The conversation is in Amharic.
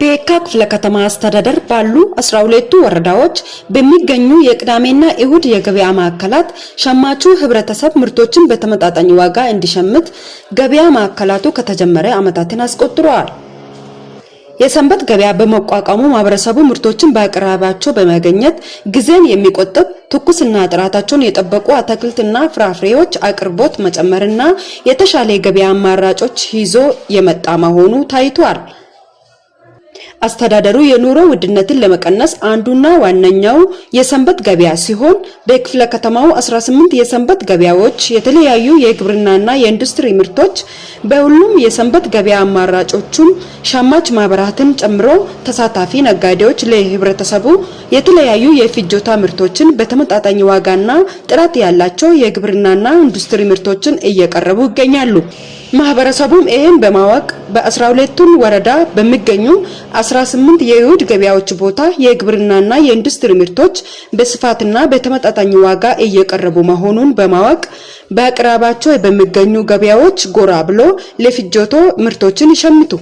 በየካ ክፍለ ከተማ አስተዳደር ባሉ 12ቱ ወረዳዎች በሚገኙ የቅዳሜና እሁድ የገበያ ማዕከላት ሸማቹ ህብረተሰብ ምርቶችን በተመጣጣኝ ዋጋ እንዲሸምት ገበያ ማዕከላቱ ከተጀመረ ዓመታትን አስቆጥረዋል። የሰንበት ገበያ በመቋቋሙ ማህበረሰቡ ምርቶችን በአቅራቢያቸው በመገኘት ጊዜን የሚቆጥብ ትኩስና ጥራታቸውን የጠበቁ አትክልትና ፍራፍሬዎች አቅርቦት መጨመርና የተሻለ የገበያ አማራጮች ይዞ የመጣ መሆኑ ታይቷል። አስተዳደሩ የኑሮ ውድነትን ለመቀነስ አንዱና ዋነኛው የሰንበት ገበያ ሲሆን በክፍለ ከተማው 18 የሰንበት ገበያዎች የተለያዩ የግብርናና የኢንዱስትሪ ምርቶች በሁሉም የሰንበት ገበያ አማራጮቹም ሸማች ማህበራትን ጨምሮ ተሳታፊ ነጋዴዎች ለህብረተሰቡ የተለያዩ የፍጆታ ምርቶችን በተመጣጣኝ ዋጋና ጥራት ያላቸው የግብርናና ኢንዱስትሪ ምርቶችን እየቀረቡ ይገኛሉ። ማህበረሰቡም ይህን በማወቅ በ12ቱም ወረዳ በሚገኙ 18 የእሁድ ገበያዎች ቦታ የግብርናና የኢንዱስትሪ ምርቶች በስፋትና በተመጣጣኝ ዋጋ እየቀረቡ መሆኑን በማወቅ በአቅራባቸው በሚገኙ ገበያዎች ጎራ ብሎ ለፍጆቶ ምርቶችን ይሸምቱ።